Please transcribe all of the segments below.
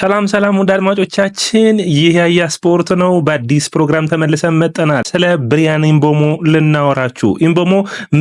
ሰላም ሰላም ውድ አድማጮቻችን፣ ይህ ያያ ስፖርት ነው። በአዲስ ፕሮግራም ተመልሰን መጠናል። ስለ ብሪያን ኢምቦሞ ልናወራችሁ። ኢምቦሞ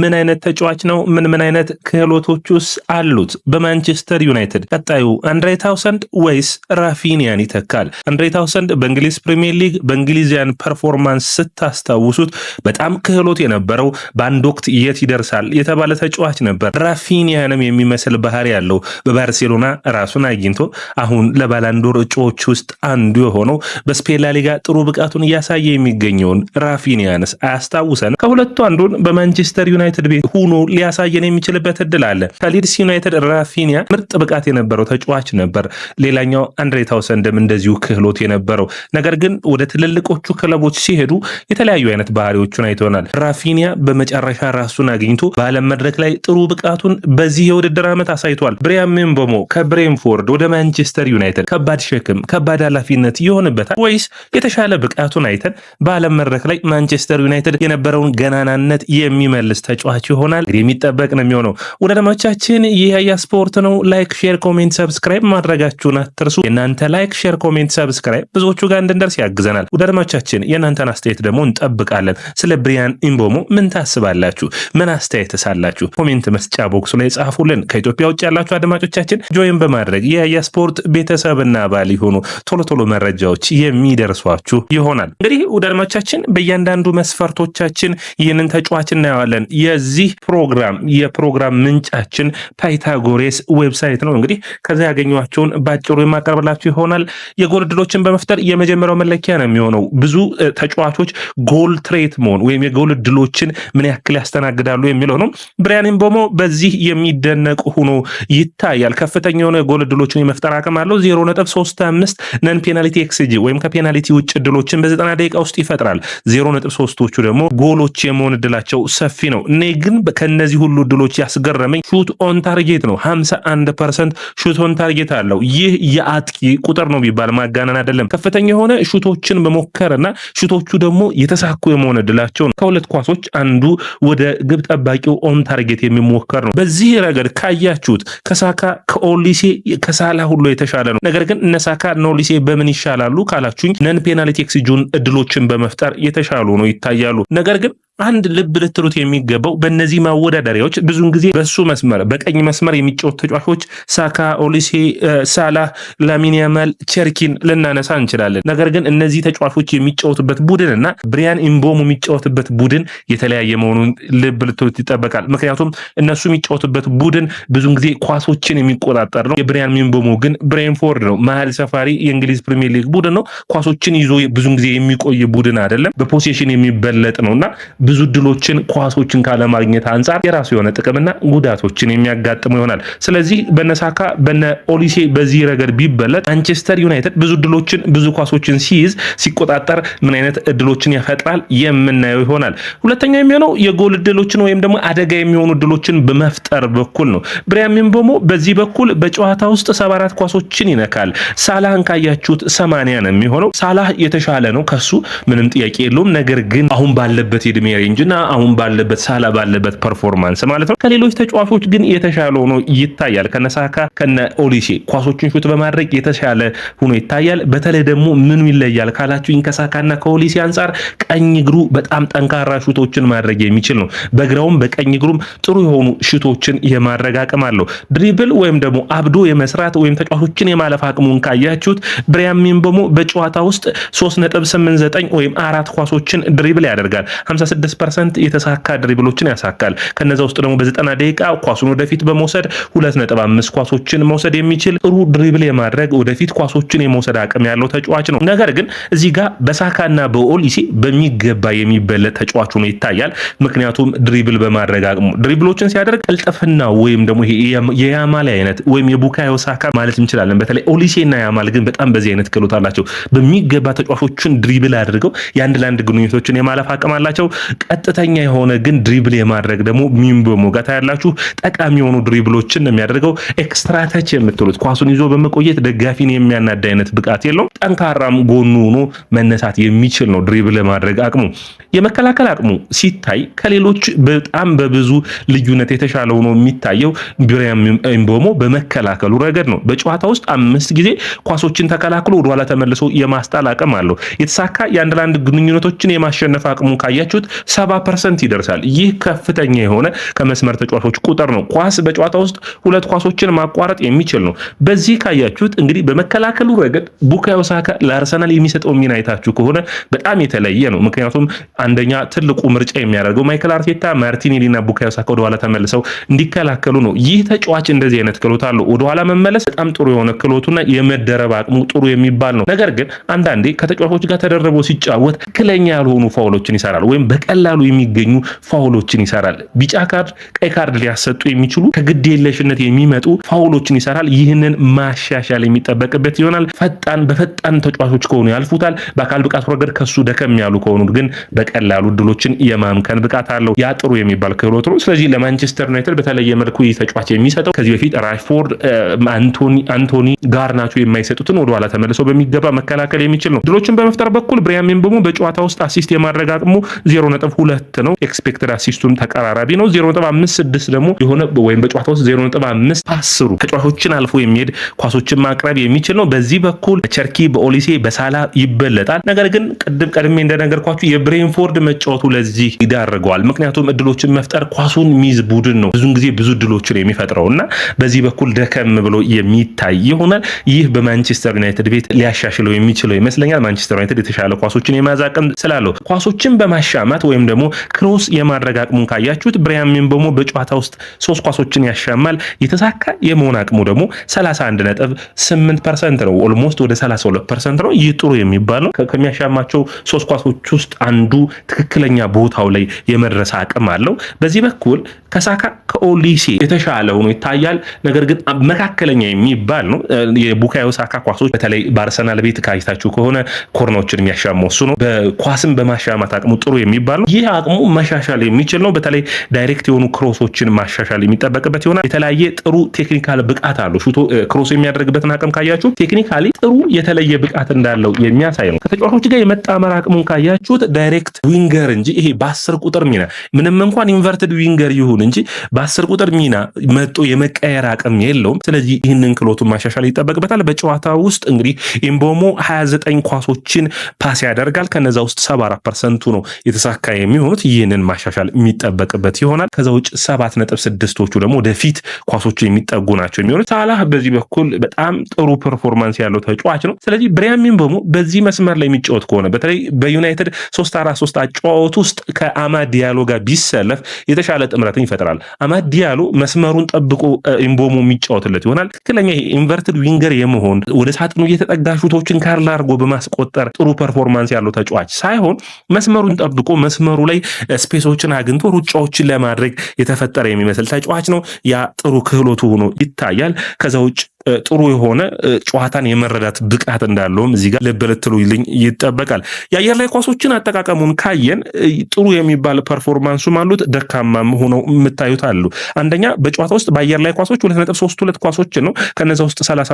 ምን አይነት ተጫዋች ነው? ምን ምን አይነት ክህሎቶችስ አሉት? በማንቸስተር ዩናይትድ ቀጣዩ አንድሬ ታውሰንድ ወይስ ራፊኒያን ይተካል? አንድሬ ታውሰንድ በእንግሊዝ ፕሪሚየር ሊግ በእንግሊዝያን ፐርፎርማንስ ስታስታውሱት በጣም ክህሎት የነበረው በአንድ ወቅት የት ይደርሳል የተባለ ተጫዋች ነበር። ራፊኒያንም የሚመስል ባህሪ ያለው በባርሴሎና ራሱን አግኝቶ አሁን ለባላ ባላንዶር እጩዎች ውስጥ አንዱ የሆነው በስፔን ላሊጋ ጥሩ ብቃቱን እያሳየ የሚገኘውን ራፊኒያንስ አያስታውሰን? ከሁለቱ አንዱን በማንቸስተር ዩናይትድ ቤት ሁኖ ሊያሳየን የሚችልበት እድል አለ። ከሊድስ ዩናይትድ ራፊኒያ ምርጥ ብቃት የነበረው ተጫዋች ነበር። ሌላኛው አንድሬ ታውሰንድም እንደዚሁ ክህሎት የነበረው ነገር ግን ወደ ትልልቆቹ ክለቦች ሲሄዱ የተለያዩ አይነት ባህሪዎቹን አይተናል። ራፊኒያ በመጨረሻ ራሱን አግኝቶ በዓለም መድረክ ላይ ጥሩ ብቃቱን በዚህ የውድድር ዓመት አሳይቷል። ብሪያን ምቤሞ ከብሬንፎርድ ወደ ማንቸስተር ዩናይትድ ከባድ ሸክም፣ ከባድ ኃላፊነት ይሆንበታል ወይስ የተሻለ ብቃቱን አይተን በዓለም መድረክ ላይ ማንቸስተር ዩናይትድ የነበረውን ገናናነት የሚመልስ ተጫዋች ይሆናል? እንግዲህ የሚጠበቅ ነው የሚሆነው። ወደ ይህ ያያ ስፖርት ነው። ላይክ፣ ሼር፣ ኮሜንት፣ ሰብስክራይብ ማድረጋችሁን አትርሱ። የእናንተ ላይክ፣ ሼር፣ ኮሜንት፣ ሰብስክራይብ ብዙዎቹ ጋር እንድንደርስ ያግዘናል። ወደ አድማጮቻችን የእናንተን አስተያየት ደግሞ እንጠብቃለን። ስለ ብሪያን ኢምቦሞ ምን ታስባላችሁ? ምን አስተያየት ሳላችሁ? ኮሜንት መስጫ ቦክሱ ላይ ጻፉልን። ከኢትዮጵያ ውጭ ያላችሁ አድማጮቻችን ጆይን በማድረግ የያያ ስፖርት ቤተሰብ ቤተሰብና ባል የሆኑ ቶሎ ቶሎ መረጃዎች የሚደርሷችሁ ይሆናል። እንግዲህ ውዳድማቻችን በእያንዳንዱ መስፈርቶቻችን ይህንን ተጫዋች እናየዋለን። የዚህ ፕሮግራም የፕሮግራም ምንጫችን ፓይታጎሬስ ዌብሳይት ነው። እንግዲህ ከዚ ያገኟቸውን በአጭሩ የማቀርብላችሁ ይሆናል። የጎል እድሎችን በመፍጠር የመጀመሪያው መለኪያ ነው የሚሆነው ብዙ ተጫዋቾች ጎል ትሬት መሆን ወይም የጎል እድሎችን ምን ያክል ያስተናግዳሉ የሚለው ነው። ብሪያን ምቦሞ በዚህ የሚደነቅ ሆኖ ይታያል። ከፍተኛ የሆነ የጎል እድሎችን የመፍጠር አቅም አለው ዜሮ 0.35 ነን ፔናልቲ ኤክስጂ ወይም ከፔናልቲ ውጭ እድሎችን በዘጠና ደቂቃ ውስጥ ይፈጥራል ነጥብ ሶስቶቹ ደግሞ ጎሎች የመሆን እድላቸው ሰፊ ነው። እኔ ግን ከእነዚህ ሁሉ እድሎች ያስገረመኝ ሹት ኦን ታርጌት ነው። አንድ ፐርሰንት ሹት ኦን ታርጌት አለው። ይህ የአጥቂ ቁጥር ነው ቢባል ማጋነን አይደለም። ከፍተኛ የሆነ ሹቶችን መሞከርና ሹቶቹ ደግሞ የተሳኩ የመሆን እድላቸው ነው። ከሁለት ኳሶች አንዱ ወደ ግብ ጠባቂው ኦን ታርጌት የሚሞከር ነው። በዚህ ረገድ ካያችሁት ከሳካ ከኦሊሴ ከሳላ ሁሉ የተሻለ ነው። ነገር ግን እነሳካ ኖሊሴ በምን ይሻላሉ ካላችሁኝ ነን ፔናልቲ ኤክስ እድሎችን በመፍጠር የተሻሉ ነው ይታያሉ። ነገር ግን አንድ ልብ ልትሉት የሚገባው በእነዚህ ማወዳደሪያዎች ብዙውን ጊዜ በሱ መስመር በቀኝ መስመር የሚጫወቱ ተጫዋቾች ሳካ፣ ኦሊሴ፣ ሳላህ፣ ላሚን ያማል፣ ቸርኪን ልናነሳ እንችላለን። ነገር ግን እነዚህ ተጫዋቾች የሚጫወቱበት ቡድን እና ብሪያን ኢምቦሙ የሚጫወትበት ቡድን የተለያየ መሆኑን ልብ ልትሉት ይጠበቃል። ምክንያቱም እነሱ የሚጫወቱበት ቡድን ብዙውን ጊዜ ኳሶችን የሚቆጣጠር ነው። የብሪያን ኢምቦሙ ግን ብሬንፎርድ ነው። መሀል ሰፋሪ የእንግሊዝ ፕሪሚየር ሊግ ቡድን ነው። ኳሶችን ይዞ ብዙውን ጊዜ የሚቆይ ቡድን አይደለም። በፖሴሽን የሚበለጥ ነው እና ብዙ ድሎችን ኳሶችን ካለማግኘት አንጻር የራሱ የሆነ ጥቅምና ጉዳቶችን የሚያጋጥሙ ይሆናል። ስለዚህ በነሳካ በነ ኦሊሴ በዚህ ረገድ ቢበለጥ ማንቸስተር ዩናይትድ ብዙ ድሎችን ብዙ ኳሶችን ሲይዝ ሲቆጣጠር ምን አይነት እድሎችን ያፈጥራል የምናየው ይሆናል። ሁለተኛ የሚሆነው የጎል እድሎችን ወይም ደግሞ አደጋ የሚሆኑ እድሎችን በመፍጠር በኩል ነው። ብሪያሚን ቦሞ በዚህ በኩል በጨዋታ ውስጥ ሰባ አራት ኳሶችን ይነካል። ሳላህን ካያችሁት ሰማንያ ነው የሚሆነው። ሳላህ የተሻለ ነው ከሱ ምንም ጥያቄ የለውም። ነገር ግን አሁን ባለበት የእድሜ ጊዜያዊ እንጂና አሁን ባለበት ሳላ ባለበት ፐርፎርማንስ ማለት ነው። ከሌሎች ተጫዋቾች ግን የተሻለ ሆኖ ይታያል። ከነሳካ ከነ ኦሊሴ ኳሶችን ሹት በማድረግ የተሻለ ሆኖ ይታያል። በተለይ ደግሞ ምኑ ይለያል ካላችሁኝ ከሳካና ከኦሊሴ አንጻር ቀኝ እግሩ በጣም ጠንካራ ሹቶችን ማድረግ የሚችል ነው። በግራውም በቀኝ እግሩም ጥሩ የሆኑ ሽቶችን የማድረግ አቅም አለው። ድሪብል ወይም ደግሞ አብዶ የመስራት ወይም ተጫዋቾችን የማለፍ አቅሙን ካያችሁት ብሪያሚን በሞ በጨዋታ ውስጥ 3.89 ወይም አራት ኳሶችን ድሪብል ያደርጋል 56 በ ፐርሰንት የተሳካ ድሪብሎችን ያሳካል። ከነዛ ውስጥ ደግሞ በዘጠና ደቂቃ ኳሱን ወደፊት በመውሰድ አምስት ኳሶችን መውሰድ የሚችል ጥሩ ድሪብል የማድረግ ወደፊት ኳሶችን የመውሰድ አቅም ያለው ተጫዋች ነው። ነገር ግን እዚህ ጋር በሳካና በኦሊሴ በሚገባ የሚበለጥ ተጫዋች ሆኖ ይታያል። ምክንያቱም ድሪብል በማድረግ አቅሙ ድሪብሎችን ሲያደርግ ቅልጥፍና ወይም ደግሞ የያማሌ አይነት ወይም የቡካዮ ሳካ ማለት እንችላለን። በተለይ ኦሊሴና ያማል ግን በጣም በዚህ አይነት ክህሎት አላቸው። በሚገባ ተጫዋቾችን ድሪብል አድርገው የአንድ ለአንድ ግንኙነቶችን የማለፍ አቅም አላቸው። ቀጥተኛ የሆነ ግን ድሪብል የማድረግ ደግሞ ሚንቦሞ ጋር ያላችሁ ጠቃሚ የሆኑ ድሪብሎችን ነው የሚያደርገው። ኤክስትራተች የምትሉት ኳሱን ይዞ በመቆየት ደጋፊን የሚያናድ አይነት ብቃት የለውም። ጠንካራም ጎኑ ሆኖ መነሳት የሚችል ነው። ድሪብል ማድረግ አቅሙ፣ የመከላከል አቅሙ ሲታይ ከሌሎች በጣም በብዙ ልዩነት የተሻለ ሆኖ የሚታየው ብሪያም ኢምቦሞ በመከላከሉ ረገድ ነው። በጨዋታ ውስጥ አምስት ጊዜ ኳሶችን ተከላክሎ ወደኋላ ተመልሶ የማስጣል አቅም አለው። የተሳካ የአንድ ለአንድ ግንኙነቶችን የማሸነፍ አቅሙ ካያችሁት 70 ፐርሰንት ይደርሳል። ይህ ከፍተኛ የሆነ ከመስመር ተጫዋቾች ቁጥር ነው። ኳስ በጨዋታ ውስጥ ሁለት ኳሶችን ማቋረጥ የሚችል ነው። በዚህ ካያችሁት እንግዲህ በመከላከሉ ረገድ ቡካዮ ሳካ ለአርሰናል የሚሰጠው ሚና አይታችሁ ከሆነ በጣም የተለየ ነው። ምክንያቱም አንደኛ ትልቁ ምርጫ የሚያደርገው ማይክል አርቴታ ማርቲኔሊና ቡካዮ ሳካ ወደኋላ ተመልሰው እንዲከላከሉ ነው። ይህ ተጫዋች እንደዚህ አይነት ክሎት አለው። ወደኋላ መመለስ በጣም ጥሩ የሆነ ክሎቱና የመደረብ አቅሙ ጥሩ የሚባል ነው። ነገር ግን አንዳንዴ ከተጫዋቾች ጋር ተደረበው ሲጫወት ትክክለኛ ያልሆኑ ፋውሎችን ይሰራል ወይም በቂ በቀላሉ የሚገኙ ፋውሎችን ይሰራል። ቢጫ ካርድ፣ ቀይ ካርድ ሊያሰጡ የሚችሉ ከግዴለሽነት የሚመጡ ፋውሎችን ይሰራል። ይህንን ማሻሻል የሚጠበቅበት ይሆናል። ፈጣን በፈጣን ተጫዋቾች ከሆኑ ያልፉታል። በአካል ብቃት ረገድ ከሱ ደከም ያሉ ከሆኑ ግን በቀላሉ እድሎችን የማምከን ብቃት አለው። ያ ጥሩ የሚባል ክህሎት ነው። ስለዚህ ለማንቸስተር ዩናይትድ በተለየ መልኩ ይህ ተጫዋች የሚሰጠው ከዚህ በፊት ራሽፎርድ፣ አንቶኒ ጋር ናቸው የማይሰጡትን ወደኋላ ተመልሰው በሚገባ መከላከል የሚችል ነው። ድሎችን በመፍጠር በኩል ብሪያም ቤሞ በጨዋታ ውስጥ አሲስት የማድረግ አቅሙ ዜሮ ነጥብ ሁለት ነው። ኤክስፔክተድ አሲስቱም ተቀራራቢ ነው። ዜሮ ነጥብ አምስት ስድስት ደግሞ የሆነ ወይም በጨዋታ ውስጥ ዜሮ ነጥብ አምስት ተጫዋቾችን አልፎ የሚሄድ ኳሶችን ማቅረብ የሚችል ነው። በዚህ በኩል ቸርኪ በኦሊሴ በሳላ ይበለጣል። ነገር ግን ቅድም ቀድሜ እንደነገርኳችሁ የብሬንፎርድ መጫወቱ ለዚህ ይዳርገዋል። ምክንያቱም እድሎችን መፍጠር ኳሱን ሚዝ ቡድን ነው ብዙን ጊዜ ብዙ እድሎችን የሚፈጥረው እና በዚህ በኩል ደከም ብሎ የሚታይ ይሆናል። ይህ በማንቸስተር ዩናይትድ ቤት ሊያሻሽለው የሚችለው ይመስለኛል። ማንቸስተር ዩናይትድ የተሻለ ኳሶችን የማዛቅም ስላለው ኳሶችን በማሻማት ወይም ደግሞ ክሮስ የማድረግ አቅሙን ካያችሁት ብሪያን ምቤሞ በጨዋታ ውስጥ ሶስት ኳሶችን ያሻማል። የተሳካ የመሆን አቅሙ ደግሞ 31 ነጥብ 8 ፐርሰንት ነው። ኦልሞስት ወደ 32 ፐርሰንት ነው። ይህ ጥሩ የሚባል ነው። ከሚያሻማቸው ሶስት ኳሶች ውስጥ አንዱ ትክክለኛ ቦታው ላይ የመድረስ አቅም አለው። በዚህ በኩል ከሳካ ከኦሊሴ የተሻለ ሆኖ ይታያል። ነገር ግን መካከለኛ የሚባል ነው። የቡካዮ ሳካ ኳሶች በተለይ በአርሰናል ቤት ካይታችሁ ከሆነ ኮርናዎችን የሚያሻማው እሱ ነው። በኳስም በማሻማት አቅሙ ጥሩ የሚባል ይችላሉ። ይህ አቅሙ መሻሻል የሚችል ነው። በተለይ ዳይሬክት የሆኑ ክሮሶችን ማሻሻል የሚጠበቅበት ይሆናል። የተለያየ ጥሩ ቴክኒካል ብቃት አለው። ሹቶ ክሮስ የሚያደርግበትን አቅም ካያችሁ ቴክኒካሊ ጥሩ የተለየ ብቃት እንዳለው የሚያሳይ ነው። ከተጫዋቾች ጋር የመጣመር አቅሙን ካያችሁት ዳይሬክት ዊንገር እንጂ ይሄ በአስር ቁጥር ሚና ምንም እንኳን ኢንቨርትድ ዊንገር ይሁን እንጂ በአስር ቁጥር ሚና መጦ የመቀየር አቅም የለውም። ስለዚህ ይህንን ክሎቱን ማሻሻል ይጠበቅበታል። በጨዋታ ውስጥ እንግዲህ ኢምቦሞ 29 ኳሶችን ፓስ ያደርጋል። ከነዛ ውስጥ 74 ፐርሰንቱ ነው የተሳካ ተጠቃሚ የሚሆኑት ይህንን ማሻሻል የሚጠበቅበት ይሆናል። ከዛ ውጭ ሰባት ነጥብ ስድስቶቹ ደግሞ ወደፊት ኳሶቹ የሚጠጉ ናቸው የሚሆኑት። ሳላህ በዚህ በኩል በጣም ጥሩ ፐርፎርማንስ ያለው ተጫዋች ነው። ስለዚህ ብሪያን ምቤሞ በዚህ መስመር ላይ የሚጫወት ከሆነ በተለይ በዩናይትድ ሶስት አራት ሶስት አጫዋወት ውስጥ ከአማድ ዲያሎ ጋር ቢሰለፍ የተሻለ ጥምረትን ይፈጥራል። አማድ ዲያሎ መስመሩን ጠብቆ ምቤሞ የሚጫወትለት ይሆናል። ትክክለኛ ኢንቨርትድ ዊንገር የመሆን ወደ ሳጥኑ እየተጠጋ ሹቶችን ካርል አድርጎ በማስቆጠር ጥሩ ፐርፎርማንስ ያለው ተጫዋች ሳይሆን መስመሩን ጠብቆ መስመሩ ላይ ስፔሶችን አግኝቶ ሩጫዎችን ለማድረግ የተፈጠረ የሚመስል ተጫዋች ነው። ያ ጥሩ ክህሎቱ ሆኖ ይታያል። ከዛ ውጭ ጥሩ የሆነ ጨዋታን የመረዳት ብቃት እንዳለውም እዚህ ጋር ልበለትሉልኝ ይጠበቃል። የአየር ላይ ኳሶችን አጠቃቀሙን ካየን ጥሩ የሚባል ፐርፎርማንሱም አሉት፣ ደካማም ሆነው የምታዩት አሉ። አንደኛ በጨዋታ ውስጥ በአየር ላይ ኳሶች ሁለት ነጥብ ሶስት ሁለት ኳሶችን ነው ከነዚ ውስጥ ሰላሳ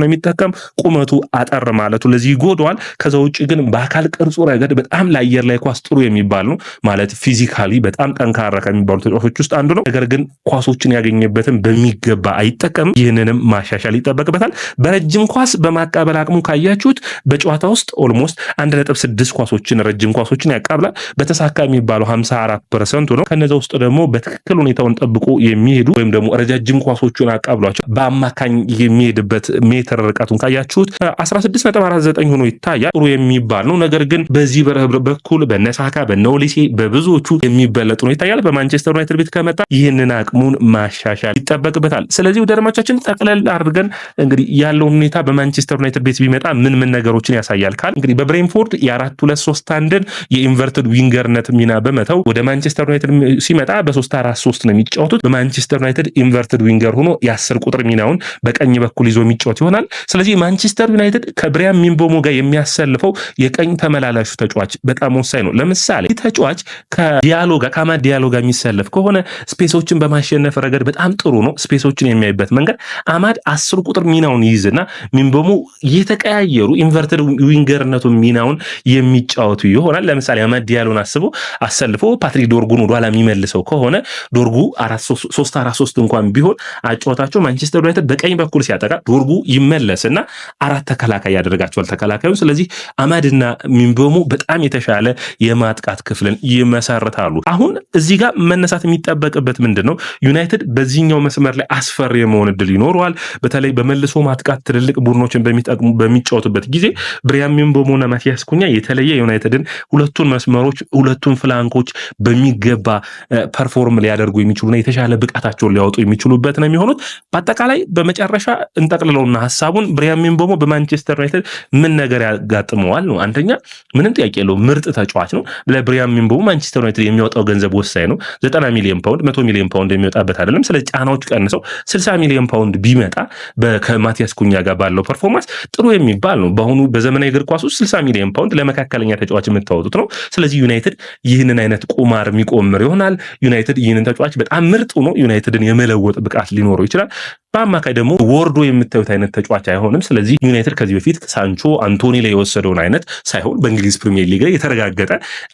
ነው የሚጠቀም ቁመቱ አጠር ማለቱ ለዚህ ይጎደዋል። ከዛ ውጭ ግን በአካል ቅርጹ ረገድ በጣም ለአየር ላይ ኳስ ጥሩ የሚባል ነው ማለት ፊዚካሊ በጣም ጠንካራ ከሚባሉ ተጫዋቾች ውስጥ አንዱ ነው። ነገር ግን ኳሶችን ያገኘበትን በሚገባ አይጠቀምም። ይህንንም ማሽ ማሻሻል ይጠበቅበታል። በረጅም ኳስ በማቃበል አቅሙ ካያችሁት በጨዋታ ውስጥ ኦልሞስት አንድ ነጥብ ስድስት ኳሶችን ረጅም ኳሶችን ያቃብላል። በተሳካ የሚባለው ሀምሳ አራት ፐርሰንቱ ነው። ከነዚ ውስጥ ደግሞ በትክክል ሁኔታውን ጠብቆ የሚሄዱ ወይም ደግሞ ረጃጅም ኳሶቹን አቃብሏቸው በአማካኝ የሚሄድበት ሜትር ርቀቱን ካያችሁት አስራ ስድስት ነጥብ አራት ዘጠኝ ሆኖ ይታያል። ጥሩ የሚባል ነው። ነገር ግን በዚህ በረብር በኩል በነሳካ በነሊሴ በብዙዎቹ የሚበለጥ ነው ይታያል። በማንቸስተር ዩናይትድ ቤት ከመጣ ይህንን አቅሙን ማሻሻል ይጠበቅበታል። ስለዚህ ወደ አድማቻችን ጠቅለል አድርገን እንግዲህ ያለውን ሁኔታ በማንቸስተር ዩናይትድ ቤት ቢመጣ ምን ምን ነገሮችን ያሳያል ካል እንግዲህ በብሬንፎርድ የአራት ሁለት ሶስት አንድን የኢንቨርትድ ዊንገርነት ሚና በመተው ወደ ማንቸስተር ዩናይትድ ሲመጣ በሶስት አራት ሶስት ነው የሚጫወቱት። በማንቸስተር ዩናይትድ ኢንቨርትድ ዊንገር ሆኖ የአስር ቁጥር ሚናውን በቀኝ በኩል ይዞ የሚጫወት ይሆናል። ስለዚህ ማንቸስተር ዩናይትድ ከብሪያን ሚንቦሞ ጋር የሚያሰልፈው የቀኝ ተመላላሹ ተጫዋች በጣም ወሳኝ ነው። ለምሳሌ ተጫዋች ከዲያሎ ጋር ከአማድ ዲያሎ ጋር የሚሰለፍ ከሆነ ስፔሶችን በማሸነፍ ረገድ በጣም ጥሩ ነው። ስፔሶችን የሚያይበት መንገድ አማድ አስር ቁጥር ሚናውን ይይዝና ሚን በሙ የተቀያየሩ ኢንቨርተድ ዊንገርነቱ ሚናውን የሚጫወቱ ይሆናል። ለምሳሌ አማድ አስቦ አሰልፎ ፓትሪክ ዶርጉን ወደኋላ የሚመልሰው ከሆነ ዶርጉ ሶስት አራት ሶስት እንኳን ቢሆን አጫወታቸው ማንቸስተር ዩናይትድ በቀኝ በኩል ሲያጠቃ ዶርጉ ይመለስና አራት ተከላካይ ያደርጋቸዋል ተከላካዩ። ስለዚህ አማድና ሚን በሙ በጣም የተሻለ የማጥቃት ክፍልን ይመሰርታሉ። አሁን እዚህ ጋር መነሳት የሚጠበቅበት ምንድን ነው? ዩናይትድ በዚህኛው መስመር ላይ አስፈሪ የመሆን እድል ይኖረዋል። በተለይ በመልሶ ማጥቃት ትልልቅ ቡድኖችን በሚጫወቱበት ጊዜ ብሪያን ምቤሞና ማቲያስ ኩኛ የተለየ ዩናይትድን ሁለቱን መስመሮች ሁለቱን ፍላንኮች በሚገባ ፐርፎርም ሊያደርጉ የሚችሉና የተሻለ ብቃታቸውን ሊያወጡ የሚችሉበት ነው የሚሆኑት። በአጠቃላይ በመጨረሻ እንጠቅልለውና ሀሳቡን ብሪያን ምቤሞ በማንቸስተር ዩናይትድ ምን ነገር ያጋጥመዋል ነው። አንደኛ ምንም ጥያቄ የለው ምርጥ ተጫዋች ነው። ለብሪያን ምቤሞ ማንቸስተር ዩናይትድ የሚወጣው ገንዘብ ወሳኝ ነው። ዘጠና ሚሊዮን ፓውንድ መቶ ሚሊዮን ፓውንድ የሚወጣበት አይደለም። ስለ ጫናዎች ቀንሰው ስልሳ ሚሊዮን ፓውንድ ቢመጣ ከማቲያስ ኩኛ ጋር ባለው ፐርፎርማንስ ጥሩ የሚባል ነው። በአሁኑ በዘመናዊ እግር ኳስ ውስጥ 60 ሚሊዮን ፓውንድ ለመካከለኛ ተጫዋች የምታወጡት ነው። ስለዚህ ዩናይትድ ይህንን አይነት ቁማር የሚቆምር ይሆናል። ዩናይትድ ይህንን ተጫዋች በጣም ምርጥ ሆኖ ዩናይትድን የመለወጥ ብቃት ሊኖረው ይችላል። በአማካይ ደግሞ ወርዶ የምታዩት አይነት ተጫዋች አይሆንም። ስለዚህ ዩናይትድ ከዚህ በፊት ሳንቾ፣ አንቶኒ ላይ የወሰደውን አይነት ሳይሆን በእንግሊዝ ፕሪሚየር ሊግ ላይ የተረጋገጠ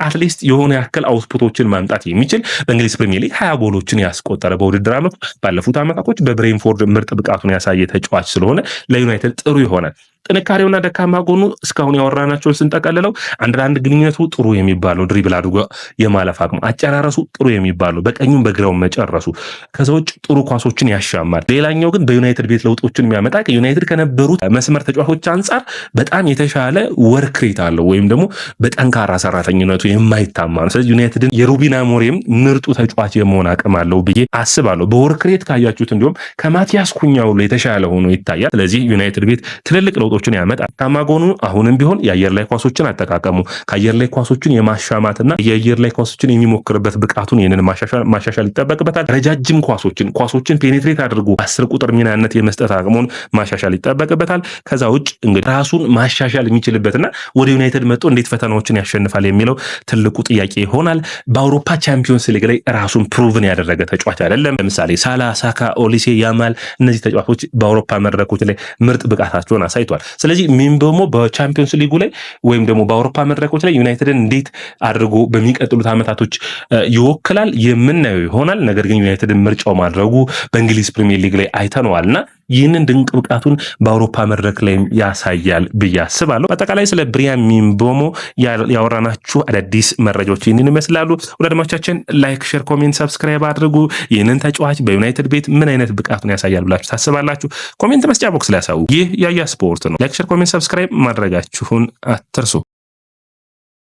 አትሊስት የሆነ ያክል አውትፑቶችን ማምጣት የሚችል በእንግሊዝ ፕሪሚየር ሊግ ሀያ ጎሎችን ያስቆጠረ በውድድር አመቱ ባለፉት ዓመታቶች በብሬንፎርድ ምርጥ ብቃቱን ያሳየ ተጫዋች ስለሆነ ለዩናይትድ ጥሩ ይሆናል። ጥንካሬውና ደካማ ጎኑ እስካሁን ያወራናቸውን ስንጠቀልለው አንድ ለአንድ ግንኙነቱ ጥሩ የሚባለው ድሪብል አድርጎ የማለፍ አቅሙ፣ አጨራረሱ ጥሩ የሚባለው በቀኙም በግራው መጨረሱ፣ ከሰዎች ጥሩ ኳሶችን ያሻማል። ሌላኛው ግን በዩናይትድ ቤት ለውጦችን የሚያመጣ ዩናይትድ ከነበሩት መስመር ተጫዋቾች አንጻር በጣም የተሻለ ወርክሬት አለው ወይም ደግሞ በጠንካራ ሰራተኝነቱ የማይታማ ነው። ስለዚህ ዩናይትድን የሩቢን አሞሪም ምርጡ ተጫዋች የመሆን አቅም አለው ብዬ አስባለሁ። በወርክሬት ካያችሁት እንዲሁም ከማቲያስ ኩኛ ሁሉ የተሻለ ሆኖ ይታያል። ስለዚህ ዩናይትድ ቤት ትልልቅ ለውጦ ለውጦችን ያመጣል። ታማ ጎኑ አሁንም ቢሆን የአየር ላይ ኳሶችን አጠቃቀሙ ከአየር ላይ ኳሶችን የማሻማትና የአየር ላይ ኳሶችን የሚሞክርበት ብቃቱን ይህንን ማሻሻል ይጠበቅበታል። ረጃጅም ኳሶችን ኳሶችን ፔኔትሬት አድርጎ አስር ቁጥር ሚናነት የመስጠት አቅሙን ማሻሻል ይጠበቅበታል። ከዛ ውጭ እንግዲህ ራሱን ማሻሻል የሚችልበትና ወደ ዩናይትድ መጥቶ እንዴት ፈተናዎችን ያሸንፋል የሚለው ትልቁ ጥያቄ ይሆናል። በአውሮፓ ቻምፒዮንስ ሊግ ላይ ራሱን ፕሩቭን ያደረገ ተጫዋች አይደለም። ለምሳሌ ሳላ፣ ሳካ፣ ኦሊሴ፣ ያማል እነዚህ ተጫዋቾች በአውሮፓ መድረኮች ላይ ምርጥ ብቃታቸውን አሳይቷል። ስለዚህ ሚም ደግሞ በቻምፒዮንስ ሊጉ ላይ ወይም ደግሞ በአውሮፓ መድረኮች ላይ ዩናይትድን እንዴት አድርጎ በሚቀጥሉት ዓመታቶች ይወክላል የምናየው ይሆናል። ነገር ግን ዩናይትድን ምርጫው ማድረጉ በእንግሊዝ ፕሪሚየር ሊግ ላይ አይተነዋል እና ይህንን ድንቅ ብቃቱን በአውሮፓ መድረክ ላይ ያሳያል ብዬ አስባለሁ። በአጠቃላይ ስለ ብሪያን ምቤሞ ያወራናችሁ አዳዲስ መረጃዎች ይህንን ይመስላሉ። ወደ አድማቻችን ላይክ፣ ሼር፣ ኮሜንት፣ ሰብስክራይብ አድርጉ። ይህንን ተጫዋች በዩናይትድ ቤት ምን አይነት ብቃቱን ያሳያል ብላችሁ ታስባላችሁ? ኮሜንት መስጫ ቦክስ ላይ ያሳውቁ። ይህ ያያ ስፖርት ነው። ነው። ላይክ፣ ሼር፣ ኮሜንት፣ ሰብስክራይብ ማድረጋችሁን አትርሱ።